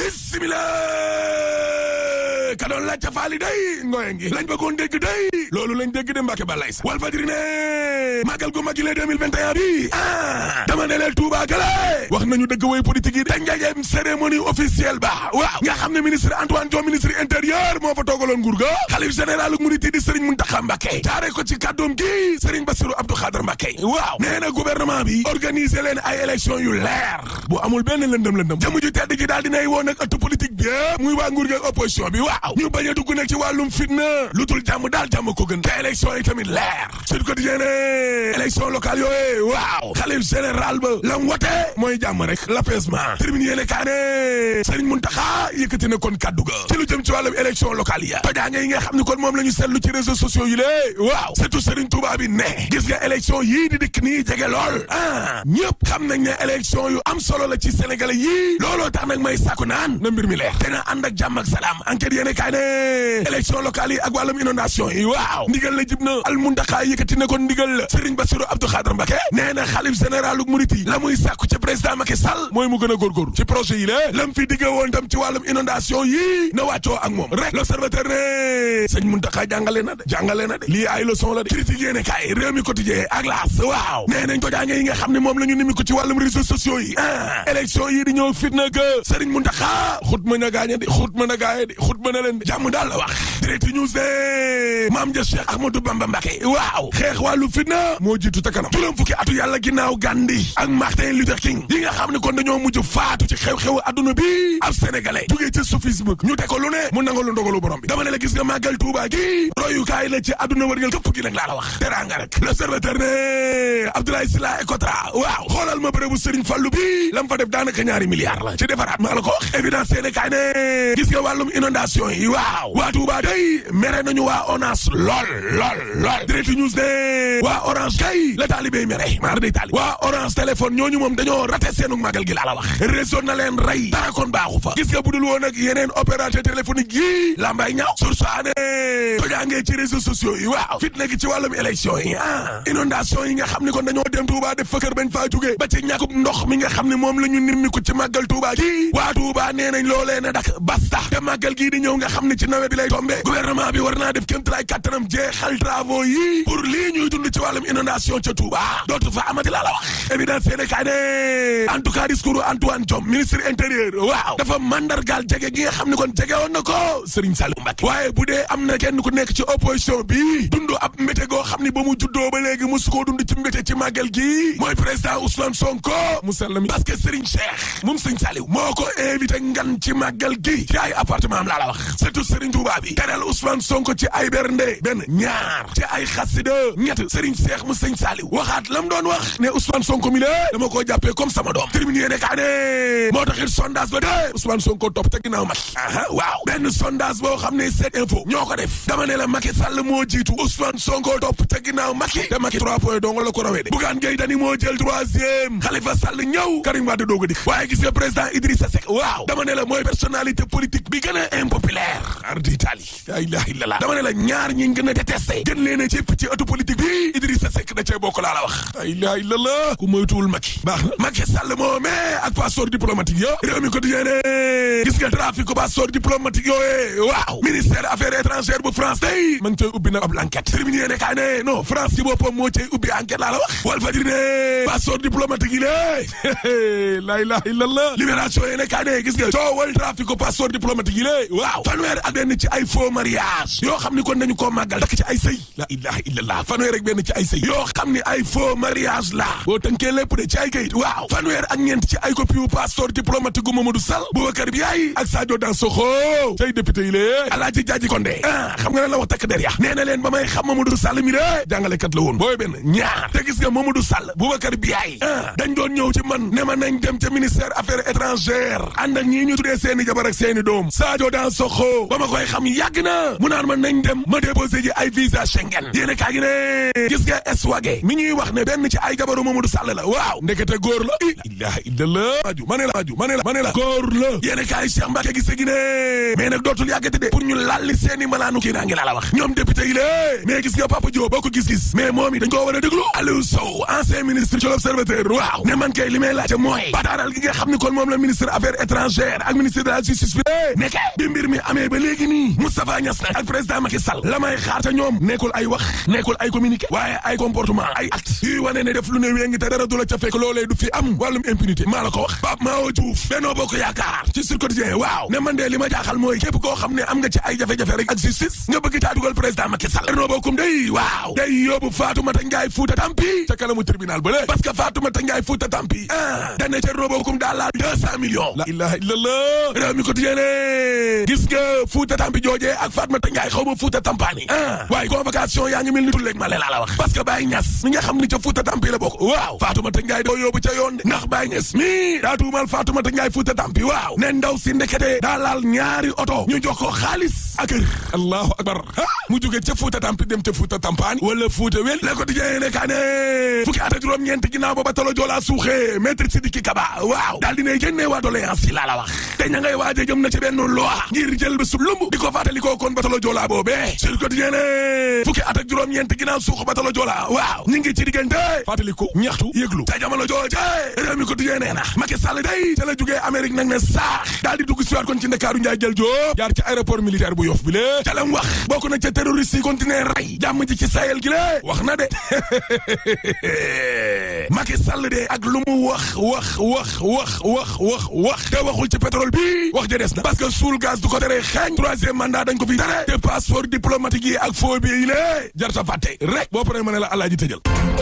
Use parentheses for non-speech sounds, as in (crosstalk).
bismillah ca Fall day ngoye ngi lañ bëggoon dégg day loolu lañ dégg de Mbacke Balaye sa Walfadjri ne màggal gu mag gi la 2021 bi ah dama ne leen Touba gale wax nañu dëgg way politique yi te ndajeem cérémonie officielle ba waaw nga xam ne ministre Antoine Diome ministre intérieur moo fa toogaloon nguur ga xalif général mouride di Serigne Mountakha Mbacké jaare ko ci kàddoom gi Serigne Bassirou Abdou Khadre Mbacké waaw nee na gouvernement bi organiser leen ay élection yu leer bi muy waa nguur ga opposition bañ a dugg nag ci wàllum fitna lu dul jàmm daal jàmm ko gën te élection yi tamit leer Sud Quotidien ne élection locale yooyee waaw xalif général ba lam wote mooy jàmm rek l'apaisement termine yéene kaa ne Serigne Mountakha yëkkati na kon kaddu ga ci lu jëm ci wàllum élection locale ya tojaange yi nga xam ne kon moom la ñu seetlu ci réseaux sociaux yi lée waaw surtout Serigne Touba bi gis nga élection yii di dikk nii jege lool ah ñëpp xam nañ ne élection yu am solo la ci Sénégalais yii looloo tax nag may sàkku na mbir mi leer dana élection locale yi ak wàllum inondation yi waaw ndigal la jib na al muntaxaa yëkkati ne ko ndigal la Serigne Bassirou Abdou Khadre Mbacké nee na xalif généralu murit yi la muy sàkku ci président Macky Sall mooy mu gën a góorgóorlu ci projet yi la lam fi digge woon ci wàllum inondation yi na wàccoo ak moom rek l'observateur ne sëñ muntaxaa jàngale de jàngale de lii ay la de critique yéene kaay réew mi quotidien ak laas waaw nee nañ ko jànge xam ne a a a jàmm daal la wax direct news de maam ja Cheikh Ahmadou Bamba Mbacké waaw xeex wàllu fitna moo jiitu te kanam juróom fukki atu yàlla ginnaaw Gandhi ak Martin Luther King yi nga xam ne kon dañoo mujj faatu ci xew-xewu adduna bi ab sénégalais jógee ci soufisme ñu teg ne mu nangalu ndogalu borom bi dama ne la gis nga màggal Tuuba gi royukaay la ci adduna wërngal këpp gi nag laa la wax teraanga rek l'observateur ne Abdoulaye Sylla Ecotra waaw xoolal ma bërëbu Serigne Fallou la ci defaraat maa la ko wax évidence yéene waaw waa Touba day mere nañu waa ONAS kay la taalibey mere maar day taali waa orange téléphone ñooñu moom dañoo rate seenu màggal gi laa la wax réseau na leen rey dara kon baaxu fa gis nga budul woon ak yeneen opérateur téléphonique yi lambay ñaaw surtout ane tojaangee ci réseaux sociaux yi waaw fitna gi ci wàllum élection yi ah inondation yi nga xam ni kon dañoo dem Touba def fëkkër bañ faa jugee ba ci ñàkkub ndox mi nga xam ne moom la ñu nimmiku ci màggal Touba gi waa Touba nee nañ loolee na dak basta ci nawet bi lay tombe gouvernement bi war naa def kéemtalaay kàttanam jeexal travaux yi pour lii ñuy dund ci wàllum inondation ca Touba dootu fa amati laa la wax évidence yéene kaay ne en tout cas discours Antoine Diome ministre intérieur waaw dafa mandargaal jege gi nga xam ne kon jege woon na ko Serigne Saliou Mbacké waaye bu dee am na kenn ku nekk ci opposition bi dund ab mbéte goo xam ni ba mu juddoo ba léegi mosu koo dund ci mbéte ci màggal gi mooy président Ousmane Sonko musallami parce que Serigne Cheikh moom Serigne Saliou moo ko invité ngan ci màggal gi ci ay appartement la Serigne Touba bi teral Ousmane Sonko ci ay bernde benn ñaar ci ay xasida ñett Serigne Cheikh mu Serigne Saliou waxaat lam doon wax ne Ousmane Sonko mi la dama koo jàppe comme sama doom terminé ne kaa ne moo taxit sondage ba de Ousmane Sonko topp te ginnaaw Macky aha waaw benn sondage boo xam ne seet info ñoo ko def dama ne la Macky Sall moo jiitu Ousmane Sonko topp te ginnaaw Macky te Macky trois points dong la ko rawee de Bougane Gueye Dany moo jël troisième Khalifa Sall ñëw mooy personnalité politique bi gën a impopulaire ardi Italie la ilaha illallah dama ne la ñaar ñi gën a détesté gën leen a cëpp ci ëttu politique bi Idrissa Seck da cee bokk laa la wax la ilaha illallah ku moytuwul Macky baax na Macky Sall (laughs) waaw fanweer ak benn ci ay faux mariage yoo xam ni kon dañu koo màggal dakk ci ay sëy la ilaha illallah fanweer ak benn yoo xam ni ay faux mariage la boo tënkee lépp de ci ay kayit waaw fanweer ak ñeent ci ay copie yu passeport diplomatique gu Mamadou Sall Boubacar Biaye ak Sadio Dansokho tey député yi lée Alaaji Jaaji Kondé ah xam nga ne la wax takk der ya nee leen ba may xam Mamadou Sall mi de jàngalekat la woon booy benn ñaar te gis nga Mamadou Sall Boubacar Biaye ah dañ doon ñëw ci seeni jabar ak dama koy xam yàgg na mu naan ma nañ dem ma déposé ji ay visa Schengen yéen a kaa gis nga eswage mi ñuy wax ne benn ci ay jabaru la waaw ma ne la maju ma ne la ma ne la la a seeni malaanu kii naa ngi wax ñoom député yi lée gis nga Papa Diop boo gis-gis mais moom it dañ koo war a déglu Aliou Sow ancien ministre ne man kay li may laajte mooy bataaral gi nga xam ni kon moom la ministre affaires étrangères ak ministre de la justice bi eh, nekke bi léegi nii Moustapha Niass nag ak président Macky Sall la may xaar ca ñoom nekkul ay wax nekkul ay communiqué waaye ay comportement ay acte yuy wane ne def lu ne wéngi dara du la ca fekk du fi am wàllum impunité maa la ko wax Pape Mao Diouf Benno Bokk Yaakaar ci Sud Quotidien waaw ne man li ma jaaxal mooy képp koo xam ne am nga ci ay jafe-jafe rek ak justice nga bëgg caa président Macky ba parce que Fatoumata Ndiaye ah, dane ca Benno Bokkum daal la deux cent millions la ilaha illallah fuuta tampi joojee ak Fatmata Njaay xaw ma fuuta tampaani ah waaye convocation yaa ngi mel ni tulleeg ma laa la wax parce que Ñas mi nga ni ca fuuta tampi la bokk waaw Fatoumata Njaay doo yóbbu ca yoon de ndax Ñas mi daa tuumal Fatoumata Njaay fuuta tampi waaw ne ndaw si ndekete daa laal ñaari oto ñu jox xaalis ak kër allahu akbar mu jóge ca fuuta tampi dem ca fuuta tampaani wala fuuta wel le ko dijee ne kaa fukki at juróom ñeent lumb di ko fàttalikoo kon batalo Joola boobee sur quotidien ne fukki at ak juróom-ñeent ginnaaw suux batalo Joola waaw ñu ngi ci diggante fàttaliku ñaxtu yëglu te jamono jooje réew mi quotidien nee na Macky Sall day ca la saax daal di dugg siwaat kon ci Ndakaaru Njaay jël Joob jaar ci aéroport militaire bu Yoff bi lée ca wax bokk na ca terroriste yi continuer rey jàmm ji ci Sahel gi wax na de (laughs) Macky Sall de ak lu mu wax wax wax wax wax wax wax te waxul ci pétrole bi wax bañ troisième mandat dañ ko fi tere te passeport diplomatique yi ak faux yi lée jar sa fàtte rek boo paree ma ne la alaaji tëjal